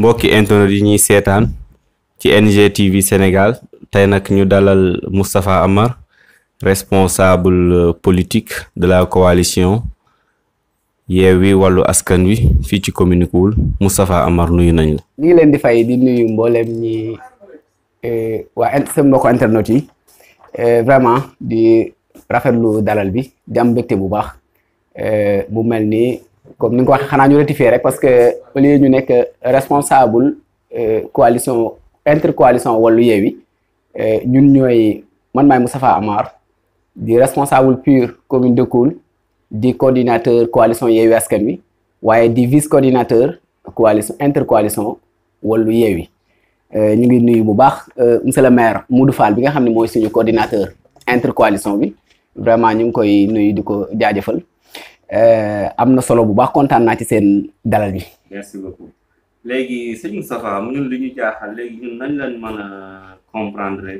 mbokki internet yi ñuy seetaan ci NGTV Sénégal tey nag ñu dalal Moustapha Amar responsable politique de la coalition Yewwi Wàllu Askan Wi fii ci commune Koul Moustapha Amar nuyu nañ la. ñu ngi leen di fay di nuyu mboolem ñi eh, waa seen mbokku internet yi eh, vraiment di rafetlu dalal bi di am bu baax eh, bu mel ni. comme ni nga ko waxee xanaa ñu rectifier rek parce que au lieu ñu nekk responsable euh, coalition intercoalition Wallu Yewwi euh, ñun ñooy man maay Moustapha Amar di responsable PUR commune de Koul di coordinateur coalition Yewwi Askan Wi waaye di vice coordinateur coalition intercoalition Wallu Yewwi euh, ñu ngi nuyu bu baax monsieur le maire Moudou Fall bi nga xam ne mooy suñu coordinateur intercoalition bi vraiment ñu ngi koy nuyu di ko jaajëfal Eh, am na solo bu baax kontaan naa ci seen dalal bi. merci beaucoup léegi sëñ Moustapha ñun li ñu jaaxal léegi ñun nañ lañ mën a comprendre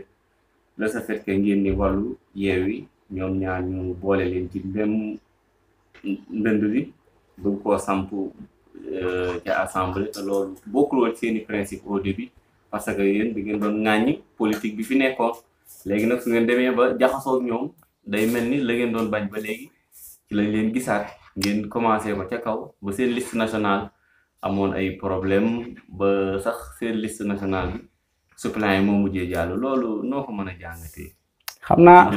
le fait que ngeen ni wàllu Yewwi ñoom ñaar ñu boole leen ci même ndënd bi bëgg koo samp euh, ca assemblée te loolu bokkul woon seen i principe au début parce que yéen di ngeen doon ŋàññi politique bi fi nekkoon léegi nag su ngeen demee ba jaxasoo ak ñoom day mel ni la ngeen doon bañ ba léegi. ci lañ leen gisaat ngeen commencé ko ca kaw ba seen liste nationale amoon ay problème ba sax seen liste nationale bi suppléant yi moo mujjee jàll loolu noo ko mën a jàngatee. xam naa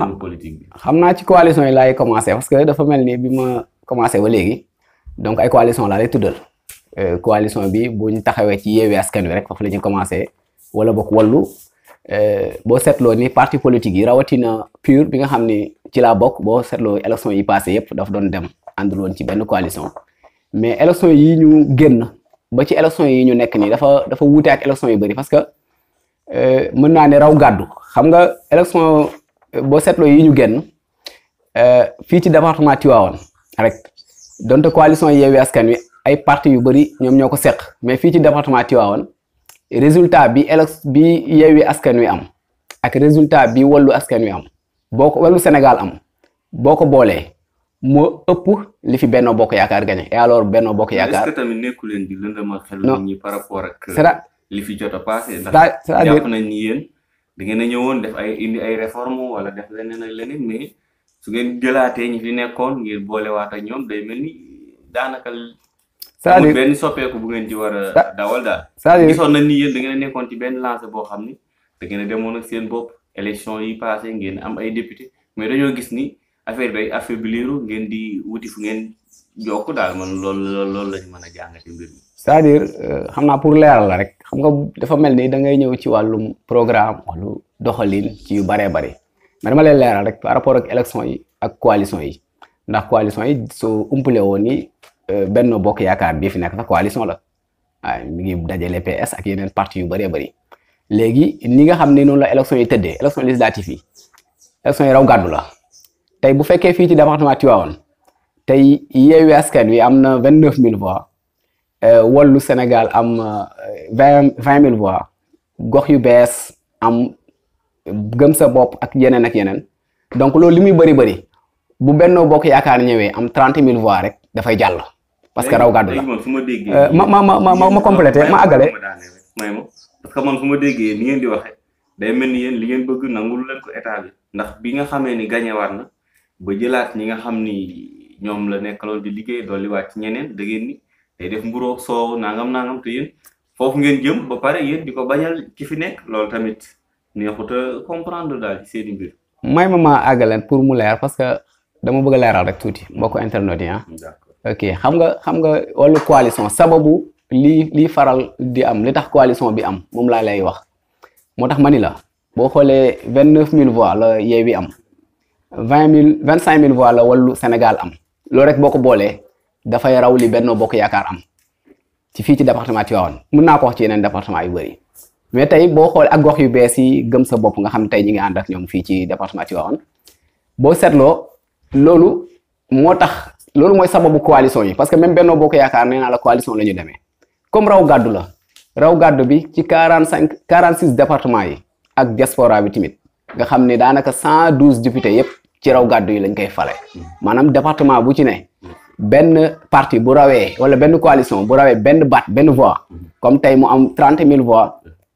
xam naa ci coalition yi laay commencé parce que dafa mel ni bi ma commencé ba léegi donc ay coalition laa lay tuddal euh, coalition bi bu ñu taxawee ci yeewee askan wi rek foofu la ñuy commencé wala boog wallu euh, boo seetloo ni parti politique yi rawatina pur bi nga xam ni ci la bokk boo seetloo élection yi passé yëpp dafa doon dem àndul woon ci benn coalition mais élection yi ñu génn ba ci élection yi ñu nekk nii dafa dafa wuute ak élection yu bëri parce que euh, mën naa ne raw gàddu xam nga élection euh, bo seetloo yi ñu génn euh, fii ci département Tivaouane rek donte coalition Yewwi Askan Wi ay parti yu bëri ñoom ñoo ko seq mais fii ci tiwa Tivaouane résultat bi élection bi Yewwi Askan Wi am ak résultat bi Wallu Askan Wi am boo ko wàllu Sénégal am boo ko boolee moo ëpp li fi Benno Bokk Yaakaar gagné et alors Benno Bokk Yaakaar. est-ce que tamit nekku leen di lëndama xel ñi par rapport ak. li fi jot a passé. ndax jàpp nañ ni yéen da ngeen a ñëwoon def ay indi ay réforme wala def leneen ak leneen mais su ngeen jëlaatee ñi fi nekkoon ngir boolewaat ak ñoom day mel ni daanaka. cest benn soppeeku bu ngeen ci war a. dawal daal. c'est-à-dire gisoon ni yéen da ngeen a nekkoon ci benn lancé boo xam ni da ngeen a demoon ak seen bopp. élection yi passé ngeen am ay député mais dañoo gis ni affaire bi affaiblir ngeen di wuti fu ngeen jokk daal man loolu loolu lañ mën a jàngati mbir mi. cest à euh, xam naa pour leeral la rek xam nga dafa mel ni da ngay ñëw ci wàllum programme wàllu doxalin ci yu baree bari mais ma lay leeral rek par rapport ak élection yi ak coalition yi ndax coalition yi soo umpale woon ni euh, benn Bokk Yaakaar bii fi nekk sax coalition la waaye mi ngi dajale PS ak yeneen parti yu baree bari léegi ni nga xam ne noonu la élection yi tëddee élection législative yi élection yi raw gàddu la tey bu fekkee fii ci département woon tey Yewwi Askan Wi am na vingt neuf mille voix euh, Wallu Sénégal am euh, vingt mille voix gox yu bees am gëm sa bopp ak yeneen ak yeneen donc loolu li muy bëri bëri bu Benno Bokk Yaakaar ñëwee am trente mille voix rek dafay jàll parce que raw gàddu la euh, ma ma ma ma ma complété ma àggale parce que man su ma déggee ni ngeen di waxee day mel ni yéen li ngeen bëgg nangul leen ko état bi ndax bi nga xamee ni gagné waat na ba jëlaat ñi nga xam ni ñoom la nekkaloon di liggéey dolliwaat ci ñeneen da ngeen ni day def mburoo soow nangam nangam te yéen foofu ngeen jëm ba pare yéen di ko bañal ki fi nekk loolu tamit neexut a comprendre daal ci seen mbir. may ma ma maa leen pour mu leer parce que dama bëgg a leeral tuuti mbokku internet yi ah. ok xam nga xam lii lii faral di am li tax coalition bi am moom laa lay wax moo tax ma ni la boo xoolee vingt neuf mille voix la Yewwi am vingt mille vingt cinq mille voix la Wallu Sénégal am loolu rek boo ko boolee dafay raw li Benno Bokk Yaakaar am ci fii ci département Tivaouane mun naa ko wax ci yeneen departement yu bëri mais tey boo xoolee ak gox yu bees yi gëm sa bopp nga xam tey ñi ngi ànd ak ñoom fii ci département Tivaouane boo seetloo loolu loolu mooy sababu coalition yi parce que même Benno Bokk Yaakaar nee la ñu demee comme raw gàddu la raw gàddu bi ci quarante cinq quarante six yi ak diaspora bi tamit nga xam ne daanaka cent douze députés yëpp ci raw gàddu yi lañ koy fale maanaam département bu ci ne benn parti bu rawee wala benn coalition bu rawee benn bat benn voi comme tey mu am trente mille voix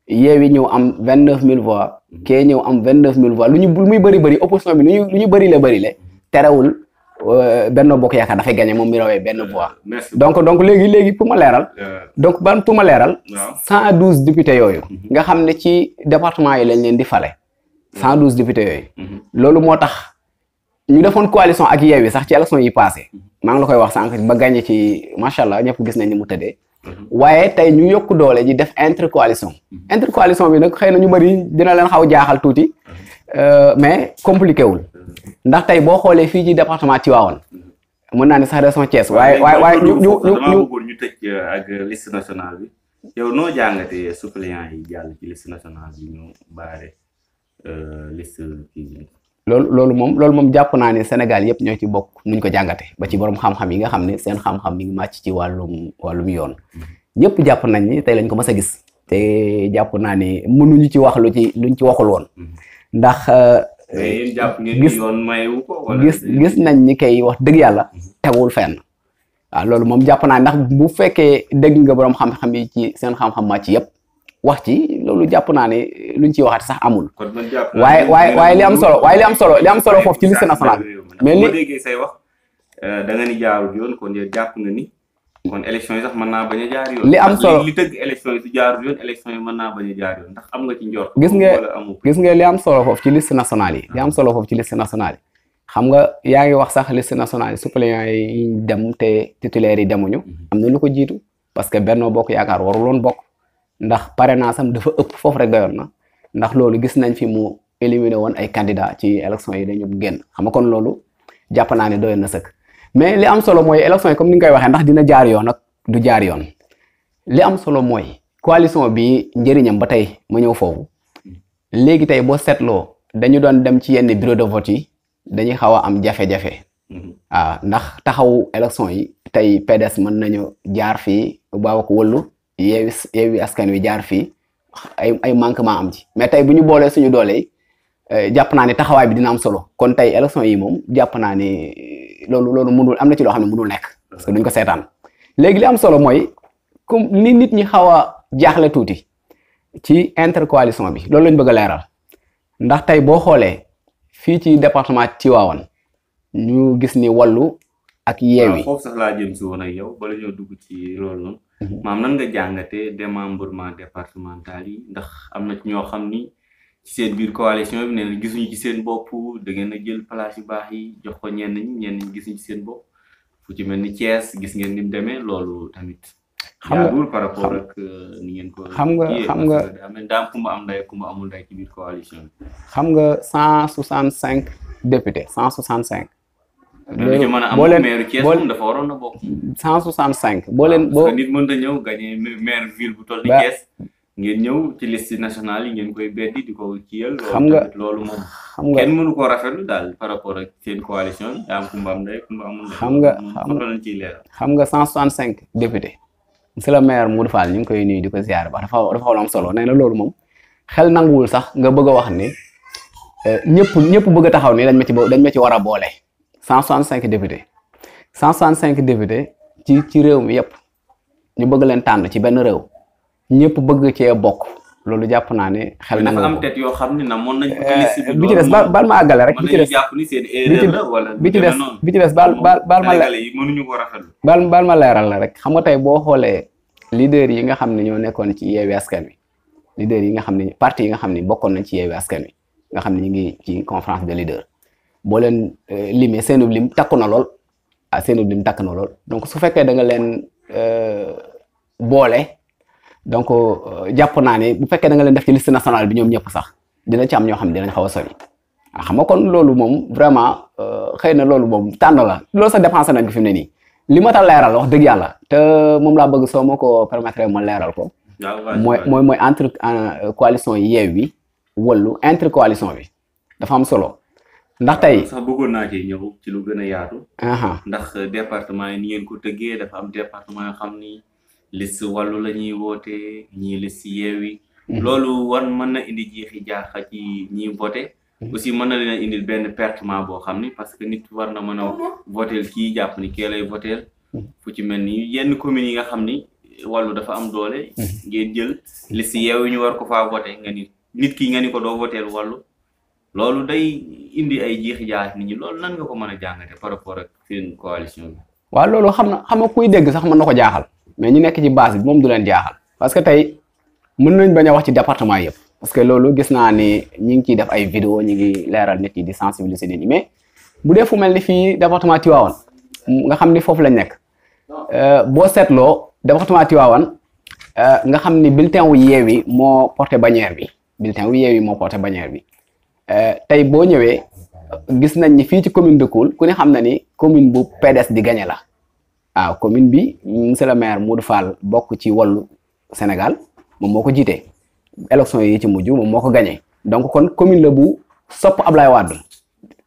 yeewi ñëw am vingt neuf mille voix kee ñëw am vingt neuf mille voix lu ñu lu muy bëri bëri opposition bi lu ñu lu ñu bëri la bëri le terewul Euh, Benno Bokk Yaakaar dafay gagné moom mi rawee benn euh, voix. donc donc léegi léegi pour ma leeral. Euh. donc ban pour ma leeral. cent douze députés yooyu. Mhm. nga xam ne ci département yi lañ leen di fale. cent douze députés yooyu. Mhm. loolu moo tax ñu defoon coalition ak Yewwi sax ci élection yi passé mhm. maa ngi la koy wax sànq ba gagné ci macha allah ñëpp gis nañ ni mu tëddee. waaye tey ñu yokk doole ji def intercoalition. intercoalition bi nag xëy na ñu bëri dina leen xaw jaaxal tuuti. Euh, mais compliqué wul ndax tey boo xoolee fii ci département Tivaouane mën naa ne sax région Thiès waaye waaye ñu ñu ñu ñu tëj euh, ak liste nationale yi jàll ci euh, loolu moom loolu moom jàpp naa ne Sénégal yëpp ñoo ci bokk nuñ ko jàngatee ba ci borom xam-xam yi nga xam ne seen xam-xam mi ngi màcc ci wàllum wàllum yoon mm-hmm. ñëpp jàpp nañ ni lañ ko mës a gis te jàpp naa ni ne ñu ci wax lu ci luñ ci waxul woon mm-hmm. ndax euh, gis gis gis nañ ni kay wax dëgg yàlla mhm. teguwul fenn waaw loolu moom jàpp naa ndax bu fekkee dëgg nga borom xam-xam yi ci seen xam-xam ma ci yëpp wax ci loolu jàpp naa ne luñ ciy waxaat sax amul waaye waaye waaye li am solo waaye li am solo li am solo foofu ci liste nationale mais li dégg wax euh, da nga ni yoon kon yow jàpp nga kon élection yi sax naa bañ li am solo mën naa bañ nga gis nga gis nga li am solo foofu ci list nationale yi. am ah. solo foofu ci liste nationale xam nga yaa ngi wax sax liste nationale yi yi dem te titulaire yi demuñu. Mhm. am na lu ko jiitu parce que Benno Bokk Yaakaar waruloon bokk ndax naa am dafa ëpp foofu rek doyoon na ndax loolu gis nañ fi mu éliminer woon ay candidats ci élection yi dañu génn xam nga kon loolu jàpp naa ne doyoon na sëkk mais li am solo mooy élection yi comme ni nga koy waxee ndax dina jaar yoon ak du jaar yoon li am solo mooy coalition bi njëriñam ba tey ma ñëw foofu léegi tey boo seetloo dañu doon dem ci yenn bureau de vote yi dañuy xaw a am jafe-jafe. Mm-hmm. Ah, ndax taxawu élection yi tey PDS mën nañu jaar fii baaw ko wëllu yeewi askan wi jaar fii ay ay manquement am ci mais tey bu ñu boolee suñu doole eh, jàpp naa ni taxawaay bi dina am solo kon tey élection yi moom jàpp naa ne. loolu loolu mënul am na ci loo xam ne mënul nekk parce que duñ ko seetaan léegi li am solo mooy comme ni nit ñi xaw a jaaxle tuuti ci intercoalition bi loolu lañ bëgg leeral ndax tey boo xoolee fii ci département Tivaouane ñu gis ni wallu ak yeewi foofu laa jëm si woon ak yow dugg ci loolu noonu mhm. maam nan nga jàngatee démembrement départemental yi ndax am na ñoo xam ni ci seen biir coalition bi nee gisuñu ci seen bopp da a jël place yu baax ko ñenn ñi ñenn ñi gisuñu ci seen bopp fu ci mel ni Thiès gis ngeen ni mu demee loolu tamit. xam nga par rapport ak euh, ni ngeen ko. xam nga xam nga daam ku ma am nday ku ma amul nday ci biir coalition bi. xam nga cent soixante cinq député cent soixante cinq. loolu boo leen boo leen dafa waroon na bokk. cent soixante cinq boo leen boo nit mën na ñëw gagné maire ville bu toll ni Thiès. ngeen ñëw ci liste nationale yi ngeen koy beddi di ko kiyal. xam nga loolu moom xam nga kenn mënu koo rafetlu daal xam nga xam nga 165 député monsieur le maire Modou Fall ñu ngi koy nuyu di ko ziar ba dafa dafa am solo nee loolu moom xel nanguwul sax nga bëgg a wax ni eh, ñëpp ñëpp bëgg taxaw nii dañ ma ci dañ ma ci war a boole 165 cinq 165 député ci ci réew mi yëpp ñu bëgg leen tànn ci benn réew. ñëpp bëgg cee bokk loolu jàpp naa ne xel na xam ne na mën nañ eh, bi ci ma àggale rek bi ci des ci des bi ci des baal baal baal ma mënuñu ko ma leeral la rek xam nga tey boo xoolee leader yi nga xam ne ñoo nekkoon ci yeewi askan wi leader yi nga xam ne parti yi nga xam ne bokkoon nañ ci yeewi askan wi nga xam ne ñu ngi ci conférence de leader boo leen eh, limee seenub lim takku na lool ah seenub lim takku na lool donc su fekkee da nga leen eh, boole donc euh, jàpp naa ne bu fekkee da nga leen def ci liste nationale bi ñoom ñëpp sax dina ci ñoo xam ne dinañ xaw a sori ah, xam nga kon loolu moom vraiment euh, xëy na loolu moom tànn la loolu sax dépensé nañ ko fi ne nii li ma ta leeral wax dëgg yàlla te moom laa bëgg soo ma ko permettre ma leeral ko. Ah, mooy mooy mooy entre euh, coalition Yewwi Wallu entre coalition bi dafa am solo. ndax tey sax bëggoon naa ci ñëw ci lu gën a ndax département yi ni ngeen ko tëggee dafa am département yoo xam ni. liste wàllu la ñuy woote ñii liste yeewi mhm. loolu war mën na indi jeexi jaaxa ci ñiy voté mhm. aussi mën na leen indil benn pertement boo xam ni parce que nit war na mën a mhm. voteel kii jàpp ni kee lay voteel fu ci mel ni yenn communes yi nga xam ni wàllu dafa am doole ngeen jël liste yeewi ñu war ko faa voté nga nit ki nga ni ko doo voteel wàllu loolu day indi ay i jaax nit ñi loolu nan nga ko mën a jàngate par rapport ak seen coalition bi. waaw loolu xam na xam dégg sax mën na ko jaaxal mais ñu nekk ci base bi moom du leen jaaxal parce que tey mën nañ bañ a wax ci département yëpp parce que loolu gis naa ni ñi ngi ciy def ay video ñi ngi leeral nit ñi di sensibiliser nit ñi mais bu dee fu mel ni fii département Tivaouane nga xam ni foofu lañ nekk euh, boo seetloo département Tivaouane euh, nga xam ni bulletin wu Yewwi moo porté bannière bi bulletin wu Yewwi moo porté bannière bi euh, tey boo ñëwee gis nañ ni fii ci commune de Koul ku ne xam na ni commune bu PDS di gañe la waaw commune bi monsieur le maire Modou Fall bokk ci wàllu Sénégal moom moo ko jiite élection yi ci mujj moom moo ko gagné donc kon commune la bu sopp Ablaye Wade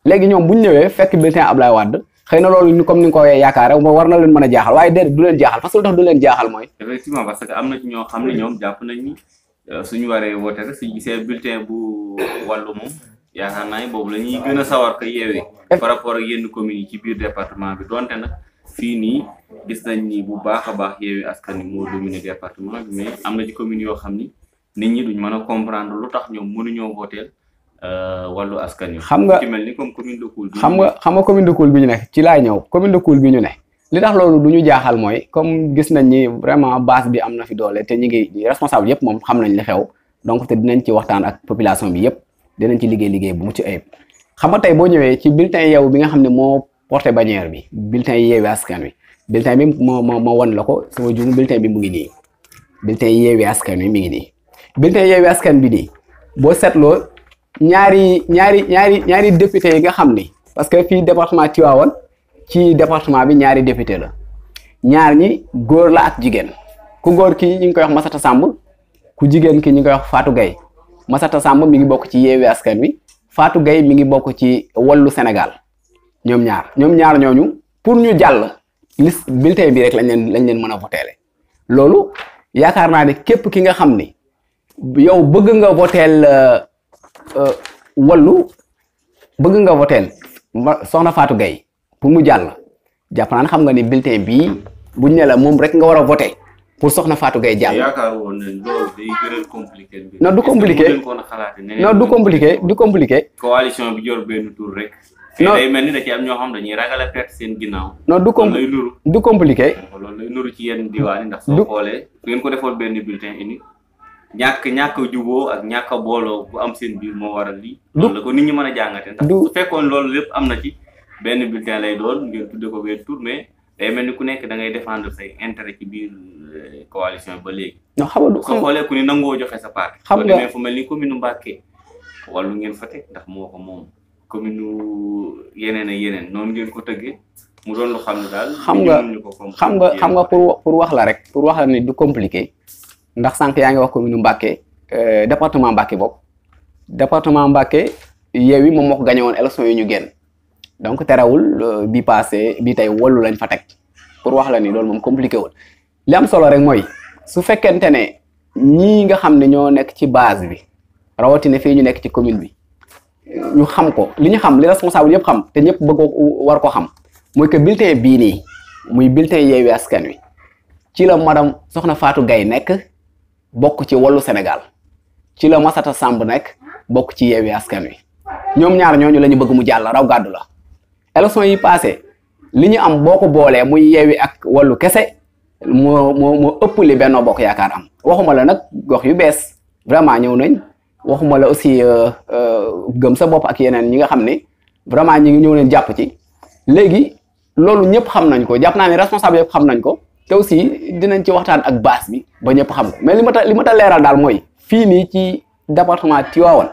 léegi ñoom bu ñu ñëwee fekk bulletin Ablaye Wade xëy na loolu comme ni nga ko yaakaare war na leen mën a jaaxal waaye déedéet du leen jaaxal parce que lu tax du leen jaaxal mooy. effectivement parce que am na ñoo xam ne ñoom jàpp nañ ni euh, suñu waree woote rek suñu gisee bu wàllu moom. yaakaar naa ni boobu la gën a sawar ko yeewee. Eh yi ci biir département bi donte fii nii gis nañ ni bu baax a baax Yewwi Askan Wi moo dominé département bi am na ci commune yoo xam ni nit ñi duñ mën a comprendre lu tax ñoom mënuñoo voter euh, wàllu askan wi. xam nga xam nga xam nga commune de Koul bi ñu ne ci laa ñëw commune de Koul bi ñu ne. li tax loolu du ñu jaaxal mooy comme gis nañ ñi vraiment base bi am na fi doole te ñu ngi responsable yëpp moom xam nañ li xew donc te dinañ ci waxtaan ak population bi yëpp dinañ ci liggéey liggéey bu mu ci ayib bi nga xam ne moo porté bannière bi bulletin yeewi askan wi bulletin bi ma ma ma wan la ko sama jumu bulletin bi mu ngi nii bulletin yeewi askan wi mi ngi nii bulletin yeewi askan bi nii boo seetloo ñaari ñaari ñaari ñaari député yi nga xam ni parce que fii département Tivaouane ci département bi ñaari député la ñaar ñi góor la ak jigéen ku góor ki ñu ngi koy wax Massata Samb ku jigéen ki ñu ngi koy wax Fatou Gaye Massata Samb mi ngi bokk ci yeewi askan wi faatu gay mi ngi bokk ci wallu Sénégal ñoom ñaar ñoom ñaar ñooñu pour ñu jàll liste bulletin bi rek lañ leen lañ leen mën a voteele loolu yaakaar naa ne képp ki nga xam ni yow bëgg nga voteel euh, euh, wallu bëgg nga voteel soxna faatu Gueye pour mu jàll jàpp naa ne xam nga ni bulletin bii buñ ne la moom rek nga war a voté pour soxna Fatou Gueye jàll. yaakaaroon ne loolu day gën a compliqué. non du compliqué non du compliqué du compliqué. coalition bi non day mel ni ñoo xam dañuy ragal a seen ginnaaw. non du com du compliqué. loolu lay nuru ci yenn diwaan ndax soo xoolee. su ngeen ko defoon benn bulletin unique. ñàkk ñàkk a juboo ak ñàkk booloo bu am seen biir moo waral lii. loolu la ko nit ñi mën a jàngatee. ndax su fekkoon loolu lépp am na ci benn bulletin lay doon ngeen tuddee ko benn tour day mel ni ku nekk da ngay défendre say intérêt ci biir euh, coalition ba léegi. non xam nga du soo ku ne nangoo joxe sa part. xam nga fu mel ni commune Mbacké wàllu ngeen fa teg ndax moo ko moom commune yeneen ak yeneen noonu ngeen ko tëggee mu doon lu xam ne daal. xam nga xam nga xam nga pour pour wax la rek pour wax la ne du compliqué ndax sànq yaa ngi wax commune Mbacké euh, département Mbacké bopp département Mbacké Yewwi moom moo ko woon élection yoo ñu génn donc terewul euh, bi passé bi tey wolu lañ fa teg pour wax la ni loolu moom compliqué wul li am solo rek mooy su fekkente ne ñii nga xam ne ñoo nekk ci base bi rawatina fii ñu nekk ci commune bi. ñu xam ko li ñu xam li responsable yëpp xam te ñëpp bëgg war ko xam mooy que bulletin bii nii muy bulletin Yewwi Askan Wi ci la maram Soxna faatu gay nekk bokk ci Wallu senegal ci la Massata Samb nekk bokk ci Yewwi Askan Wi ñoom ñaar ñooñu lañu bëgg mu jàll raw gàddu la élection yi passé li ñu am boo ko boolee muy Yewwi ak Wallu kese moo moo moo ëpp li Benno Bokk Yaakaar am waxuma la nag gox yu bees vraiment ñëw nañ waxuma la aussi euh, euh, gëm sa bopp ak yeneen ñi nga xam ne vraiment ñi ngi ñëw leen jàpp ci léegi loolu ñëpp xam nañ ko jàpp naa ne responsable yëpp xam nañ ko te aussi dinañ ci waxtaan ak base bi ba ñëpp xam ko mais li ma ta li ma ta leeral daal mooy fii nii ci département Tivaouane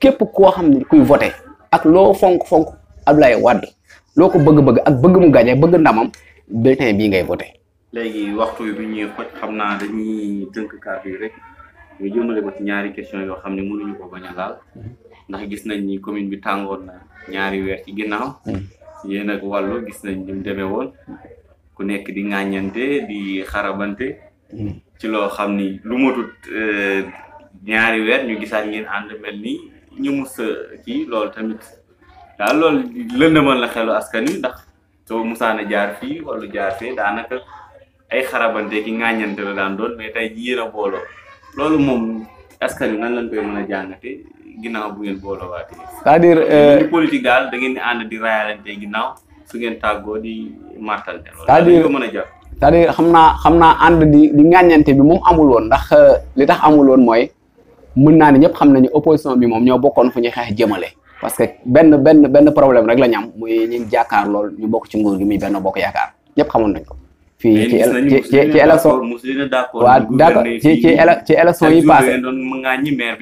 képp koo xam ni kuy voté ak loo fonk-fonk Abdoulaye Wade loo ko bëgg-bëgg ak bëgg mu gañe bëgg ndamam bulletin bi ngay voté léegi waxtu bi ñuy xoj xam naa dañuy dënk kàddu rek nga jëmale ko ñaari question yoo xam ne mënuñu ko bañ a laal ndax gis nañ ni commune bi tàngoon na ñaari weer ci ginnaaw yéen ak wàllu gis nañ ni mu demee woon ku nekk di ŋàññante di xarabante ci loo xam ni lu matut eh, ñaari weer ñu gisaat ngeen ànd mel ni ñu mus a kii loolu tamit daal loolu lëndëmal la xelu askan wi ndax soo musaana jaar fii wala jaar fee daanaka ay xarabante ki ŋàññante la daan doon mais tey ji a booloo loolu moom askan wi nan lañ koy mën a jàngate ginnaaw bu ngeen boolawaatee. c'est-à-dire euh, ñu politique daal da ngeen di ànd di raayalante ginnaaw su ngeen tàggoo di martante loolu. cest dire a jàpp. cest xam naa xam naa ànd di di bi moom amul woon ndax euh, li tax amul woon mooy mën naa ne ñëpp xam nañu opposition bi moom ñoo bokkoon fu ñuy xeex jëmale. parce que benn benn benn problème rek la ñu am muy ñu jàkkaar lool ñu bokk ci nguur gi muy benn bokk yaakaar ñëpp xamoon nañ ko. fii ci ci élection waaw d'accord yi passé doon ŋàññi maire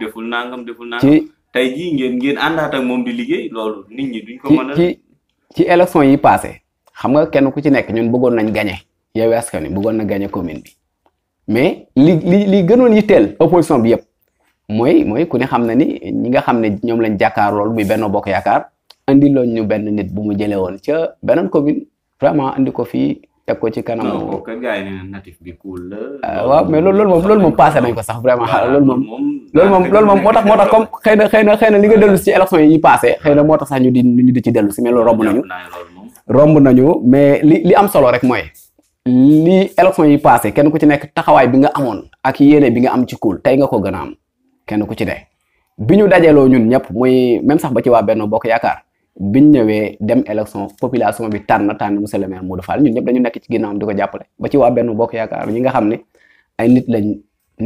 deful nangam deful nangam ci tey jii ngeen moom liggéey loolu ci ci yi passé xam nga kenn ku ci nekk ñun bëggoon nañ gañe yow askan wi bëggoon na gañe commune bi mais li li li gënoon yitteel opposition bi yëpp mooy mooy ku ne xam na ni ñi nga xam ne ñoom lañ jàkkaar loolu muy Benno Bokk Yaakaar andi loon ñu benn nit bu mu jëlee woon ca beneen commune vraiment indi ko fi teg ko ci kanam. non euh, waaw mais loolu loolu moom loolu moom passé nañ ko sax vraiment loolu moom. loolu moom ah, loolu moom moo tax moo tax comme xëy na xëy na na li nga dellu si ci élection yi passé xëy na moo tax sax ñu di ñu di ci dellu si mais romb nañu. romb nañu mais li li am solo rek mooy. li élection yi passé kenn ku ci nekk taxawaay bi nga amoon ak yéene bi nga am ci cool tey nga ko gën a am kenn ku ci ne bi ñu dajaloo ñun ñëpp muy même sax ba ci waa benn Bokk Yaakaar biñ ñëwee dem élection population bi tànn tànn monsieur le maire Modou Fall ñun ñëpp dañu nekk ci ginnaawam di ko jàppale ba ci waa benn bokk yaakaar ñi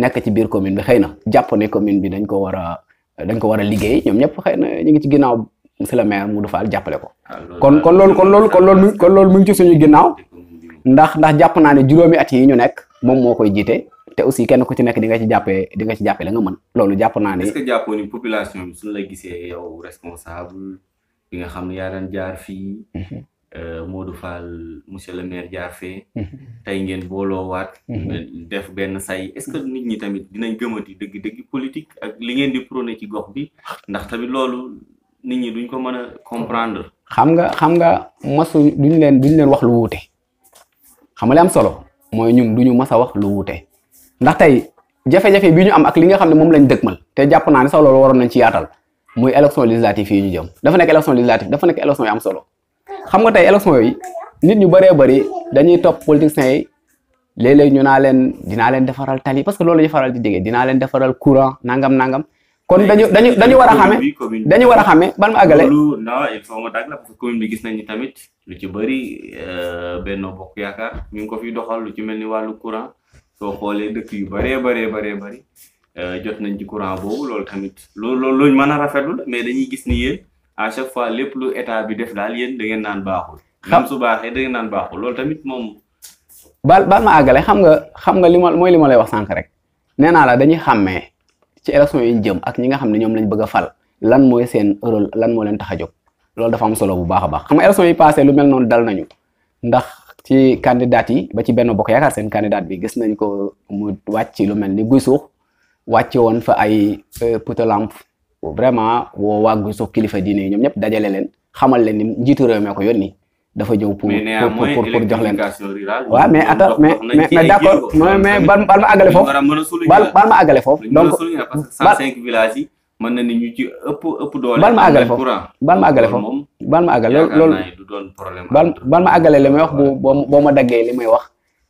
nga ci biir commune bi xëy na jàpp ne commune bi dañ ko war a dañ ko a liggéey ñoom ñëpp xëy na ñu ngi ci ginnaaw monsieur le maire Modou Fall jàppale ko. Ah, kon kon loolu kon loolu kon loolu kon loolu mu ngi ci suñu ginnaaw ndax ndax jàpp naa ne juróomi at yi ñu nekk moom moo koy jiite. te aussi kenn ku ci nekk di nga ci jàppee di nga ci jàppee la nga mën loolu jàpp naa ne. est-ce que jàppoo ni population bi suñu la gisee yow responsable. bi nga xam ne yaa daan jaar fii mhm. euh, Modou Fall monsieur le maire jaar fe mhm. tey ngeen waat mhm. def benn say est-ce que nit ñi tamit dinañ gëmati dëgg dëgg politique ak li ngeen di prôné ci gox bi ndax tamit loolu nit ñi duñ ko mën a comprendre xam nga xam nga masu duñ leen duñ leen wax lu wuute xam nga li am solo mooy ñun duñu mas a wax lu wuute ndax tey jafe-jafe bi ñu am ak li nga xam ne moom lañ dëgmal te jàpp naa ne sax loolu waroon nañ ci yaatal muy élection législative yi ñu jëm dafa nekk élection législative dafa nekk élection yu am solo xam nga tey élection yooyu nit ñu bëree bari dañuy topp politiciens yi léeg-léeg ñu naa leen dinaa leen defaral tali parce que loolu ñu faral di déggee dinaa leen defaral courant nangam nangam kon dañu dañu dañu war a war a xamee ban ma àggale loolu non il faut gis nañu tamit lu ci bëri euh, Benno Bokk Yaakaar ñu ko fi lu ci mel ni wàllu courant soo xoolee dëkk yu bëree bëree bëree bëri Euh, jot nañ ci courant boobu lool tamit loolu loolu mën a rafetlu la mais dañuy gis ni yéen à chaque fois lépp lu état bi def daal yéen da ngeen naan baaxul. xam su baaxee da ngeen naan baaxul loolu tamit moom. baal baal ma àggale xam nga xam nga li ma mooy li ma lay wax sànq rek nee naa la dañuy xàmmee ci élection yi jëm ak ñi nga xam ne ñoom lañ bëgg a fal lan mooy seen rôle lan moo leen tax a jóg loolu dafa am solo bu baax a baax xam nga élection yi passé lu mel noonu dal nañu ndax ci candidat yi ba ci benn bokk yaakaar seen candidat bi gis nañ ko mu wàcc ci lu mel ni guy suux wàcce woon fa ay euh, poutalamp vraiment woo wàggu so kilifa diine yi ñoom ñëpp dajale leen xamal leen ni njiitu réew mee ko yónni dafa ñëw pour pour pour jox leen waaw mais attends mais mais d'accord mais bal ma àggale foofu bal ma àggale foofu donc cent na ni ñu ci ëpp ëpp doole bal ma àggale foofu bal ma àggale foofu bal ma àggale loolu bal bal may wax bu boo ma daggee li may wax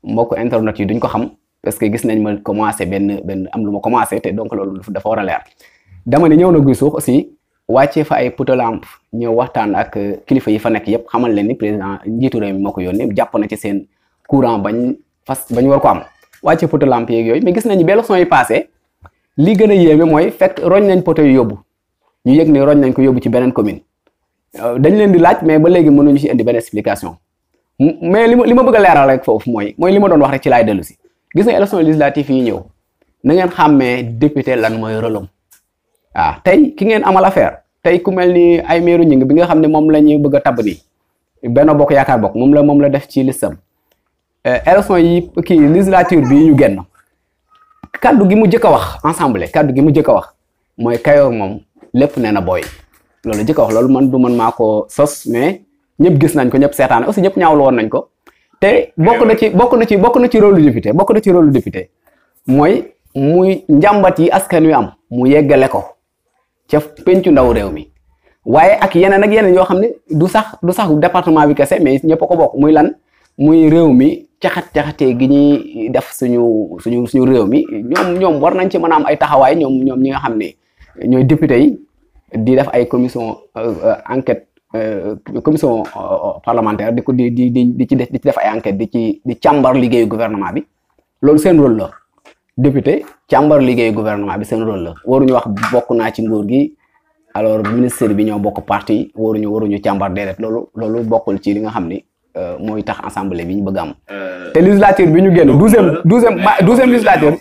mbokk internet yi duñ ko xam parce que gis nañ ma commencé benn benn am lu ma commencé te donc loolu dafa war a leer dama ne ñëw na guy suux aussi wàccee fa ay potolamp ñëw waxtaan ak euh, kilifa yi fa nekk yëpp xamal leen ni président njiitu réew mi moo ko yónnee jàpp na ci seen courant bañ fas bañ war ko am wàccee potolamp yeeg yooyu mais gis nañu ba leçon yi li gën a yéeme mooy fekk roñ nañ pot yu yóbbu ñu yëg ni roñ nañ ko yóbbu ci beneen commune euh, dañ leen di laaj mais ba léegi mënuñu ci indi benn explication mais li ma li a leeral rek foofu mooy mooy li ma doon wax rek ci laay dellu si gis nga élection législative yi ñëw na ngeen xàmmee député lan mooy rôlam ah tey ki ngeen amal affaire tey ku mel ni ay meeru ñing bi nga xam ne moom la ñuy bëgg a tabb ni Benno Bokk Yaakaar bokk moom la moom la def ci listam eh, élection yi kii législature bi ñu génn kaddu gi mu jëkk a wax ensemble kaddu gi mu jëkk a wax mooy Kayoor moom lépp nee na booy loolu jëkk a wax loolu man du man maa ko sos mais ñëpp gis nañ ko ñëpp seetaan aussi ñëpp ñaawlu woon nañ ko te bokk na ci bokk na ci bokk na ci rôle député bokk na ci rôle député mooy muy njàmbat yi askan wi am mu yeggale ko ca pencu ndaw réew mi waaye ak yeneen ak yeneen yoo xam ne du sax du sax departement bi kese mais ñëpp ko bokk muy lan muy réew mi caxat caxatee gi ñuy def suñu suñu suñu réew mi ñoom ñoom war nañ ci mën a am ay taxawaay ñoom ñoom ñi nga xam ne ñooy député yi di def ay commission euh, euh, enquête Euh, commission euh, euh, parlementaire di ko di di di ci di ci def ay enquête di ci di càmbar liggéeyu gouvernement bi loolu seen rôle la député càmbar liggéeyu gouvernement bi seen rôle la waruñu wax bokk naa ci nguur gi alors ministère bi ñoo bokk parti waruñu ñu càmbar déedéet loolu loolu bokkul ci li nga xam ni mooy tax assemblée bi ñu bëgg am. te législature bi ñu génn douzième douzième ma douzième législature.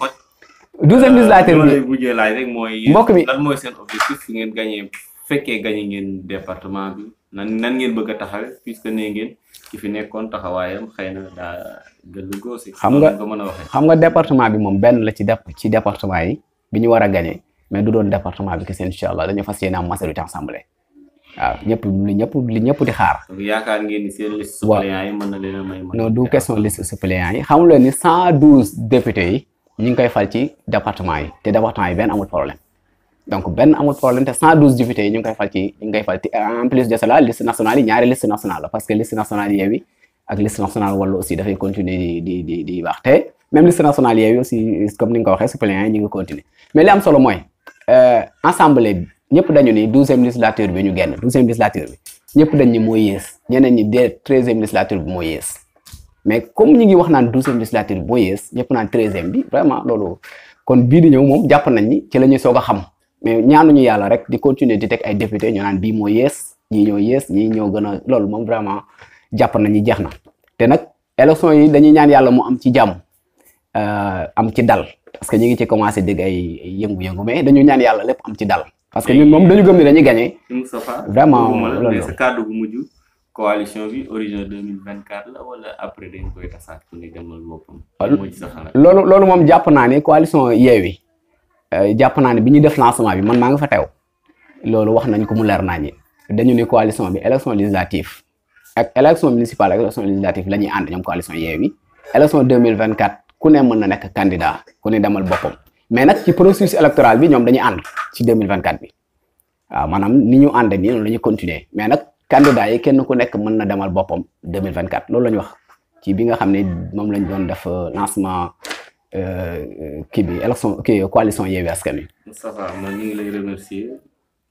douzième législature bi mbokk mi lan mooy seen objectif ngeen gagné fekkee gagné ngeen département bi. nan nan ngeen bëgg a taxawe puisque nee ngeen fi nekkoon taxawaayam xëy na daa gën lu góosi xam nga mën a xam nga département bi moom benn la ci def ci département yi bi ñu war a gagné mais du doon département bi seen incha allah dañoo fas yéene am majorité assemblée waaw ñëpp li ñëpp li ñëpp di xaar. yaakaar ngeen ni seen liste suppléants yi mën na leen a may. non du question liste suppléants yi xamul leen ni 112 députés yi ñu ngi koy fal ci département yi te département yi benn amul problème. donc benn amul problème te 112 députés yi ñu ngi koy fal ci en plus de cela ñaari liste nationale parce que liste nationale Yewwi ak liste nationale Wallu aussi dafay continuer di di di di baax te même comme ni nga ko waxee suppléants yi ñu ngi continuer mais li am solo mooy assemblée euh, bi ñëpp dañu ni douzième législature bi ñu génn douzième législature bi ñëpp dañ ni moo yées ñeneen ñi bi moo yées mais comme ñu ngi wax naan douzième législature bi moo yées ñëpp naan treizième bi vraiment loolu kon bii di ñëw moom nañ ci la ñuy soog xam mais ñu yàlla rek di continuer di teg ay député ñu naan bii moo yees ñii ñoo yees ñii ñoo gën a loolu moom vraiment jàpp nañu jeex na te nag élection yi dañuy ñaan yàlla mu am ci jàmm euh, am ci dal parce que ñu ngi ci commencé dégg ay yëngu mais dañu ñaan yàlla lépp am ci dal. parce que ñun moom dañu gëm ni dañuy gagné. vraiment loolu sa coalition bi wala après dañ koy tasaat ku Euh, jàpp naa ne bi ñuy def lancement bi man maa nga fa teew loolu wax nañ ko mu leer naa ñi dañu ne coalition bi élection législative ak élection municipale ak élection législative la ñuy ànd ñoom coalition Yewwi élection 2024 ku ne mën na nekk candidat ku ne demal la ñuy continuer nekk mën na demal boppam loolu la ñu wax ci bi nga xam ne moom lañ def euh, lancement kii bi élection kii coalition Yewwi Askan Wi. Moustapha man ñu ngi lay remercier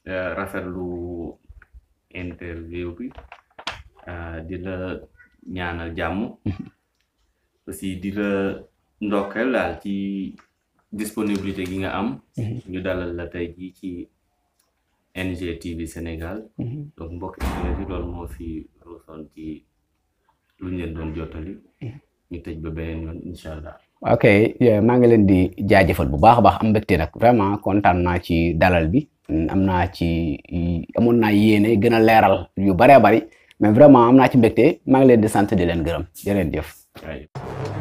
euh, rafetlu interview bi euh, di la ñaanal jàmm. aussi di la ndokkeel daal ci disponibilité gi nga am. Mm-hmm. ñu dalal la tey jii ci. NGTV Sénégal. Mm-hmm. donc mbokk internet yi loolu moo fi ruusoon ci lu ñu doon jottali. Mm-hmm. ñu tëj ba beneen yoon incha allah. ok eh, maa ngi leen di jaajëfal bu baax a baax am mbégte nag vraiment kontaan naa ci dalal bi am naa ci amoon naa yéene gën a leeral yu bëree bari mais vraiment am naa ci mbégte maa ngi leen di sant di leen gërëm jërëjëf.